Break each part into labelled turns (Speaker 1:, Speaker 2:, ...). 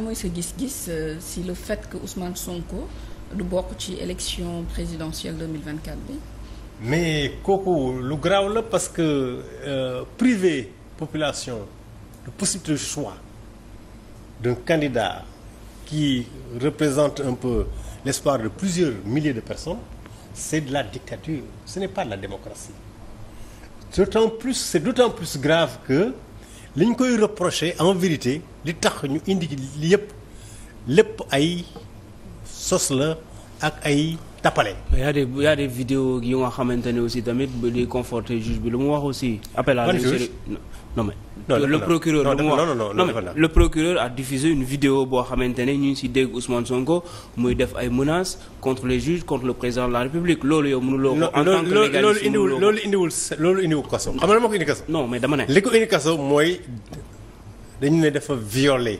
Speaker 1: mooy sa gis-gis euh, si le fait que Ousmane du bokk ci élection présidentielle 2024 bi.
Speaker 2: mais kooku lu graaw la parce que euh, population de possibilité de choix d'un candidat qui représente un peu l'espoir de plusieurs milliers de personnes c'est de la dictature ce n'est pas de la démocratie d'autant plus c'est d'autant plus grave que li liñ koy reprocher en vérité li tax ñu indi ci yëpp lépp ay sos la ak ay tappale.
Speaker 1: mais y a des y a des xamante ne aussi tamit di conforter juge bi lu mu wax aussi. appel à l'insurrection non mais. non le procureur lu mu wax non mais le procureur a diffusé une vidéo boo xamante ne ñu ngi si dégg Ousmane Sonko muy def ay menaces contre les juges contre le président de la République loolu yow mënuloo ko. en tant que légaliste loolu loolu
Speaker 2: indiwul loolu indiwul kaso. xam nga dama ko indi kaso. non mais dama ne. li ko indi kaso mooy dañu ne dafa violé.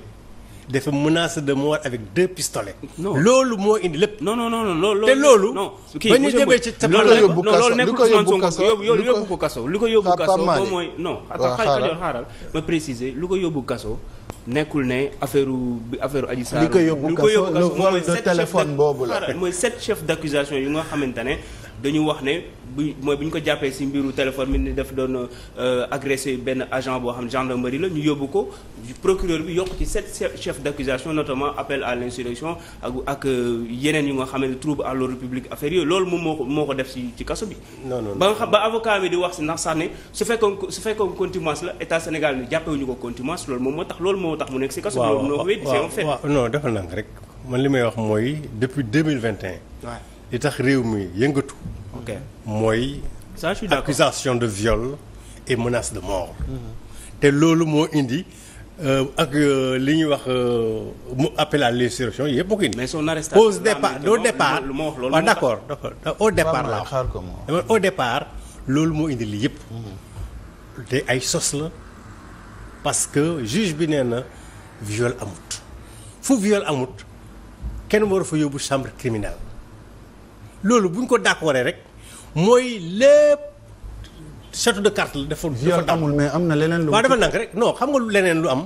Speaker 2: dafa menace de mort avec deux pistolets. non loolu moo indi lépp. non non non loolu. loolu. non ba ñu demee ci tableau yóbbu kaso li kaso loolu yóbbu ko kaso li ko yóbbu kaso moom mooy non. waaw xaaral
Speaker 1: ma préciser lu ko yóbbu kaso. nekkul ne affaire bi affaire Adji Sarr. li ko yóbbu kaso le vol de téléphone boobu la mooy sept chefs d'accusation yu nga xamante ne. dañu wax ne bu mooy bu ñu ko jàppee si mbiru téléphone bi ni def doon euh, agressé benn agent boo xam ne gendarmerie la ñu yóbbu ko procureur bi yokk ci sept chefs d'accusation notamment appel à l'insurrection ak ak euh, yeneen yu nga xam ne trouble à l'ordre public affaire yooyu loolu moom moo ko moo ko def ci ci kaso bi. non ba avocat bi di wax ci ndax sax ne su fekkoon su fekkoon contumace la état Sénégal ni jàppewuñu ko contumace loolu moom moo tax loolu moo tax mu nekk ci kaso bi. waaw waaw
Speaker 2: waaw non defal naa rek man li may wax mooy depuis 2021. li tax réew mi yëngatu. mooy. ça je suis accusation de viol et menace de mort. te loolu moo indi euh, ak euh, li ñuy wax euh, mu appel à l'insurrection yëpp moo ko indi. mais son arrestation au départ au waaw d'accord au départ la au départ loolu moo indi lii yëpp. te ay sos la parce que juge bi nee na viol amut fu viol amut kenn waru fa yóbbu chambre criminelle. loolu bu ñu ko d'accordé rek mooy lépp château de carte la dafa dafa amul mais am na leneen lu. waaw dafa nank rek non xam nga lu leneen lu am.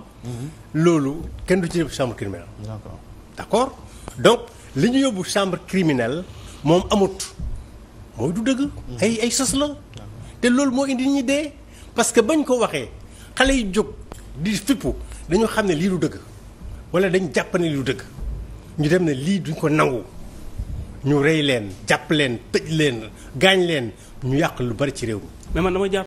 Speaker 2: loolu kenn du ci yóbbu chambre criminelle. d'accord d'accord donc li ñu yóbbu chambre criminelle moom amut mooy du dëgg. ay ay sos la. te loolu moo indi ñi dee parce que bañ ko waxee xale yi jóg di fippu dañoo xam ne lii du dëgg wala dañ jàpp ne lii du dëgg ñu dem ne lii duñ ko nangu. ñu rey leen jàpp leen tëj leen gaañ leen ñu yàq lu bari ci réew mi. mais dama jàpp.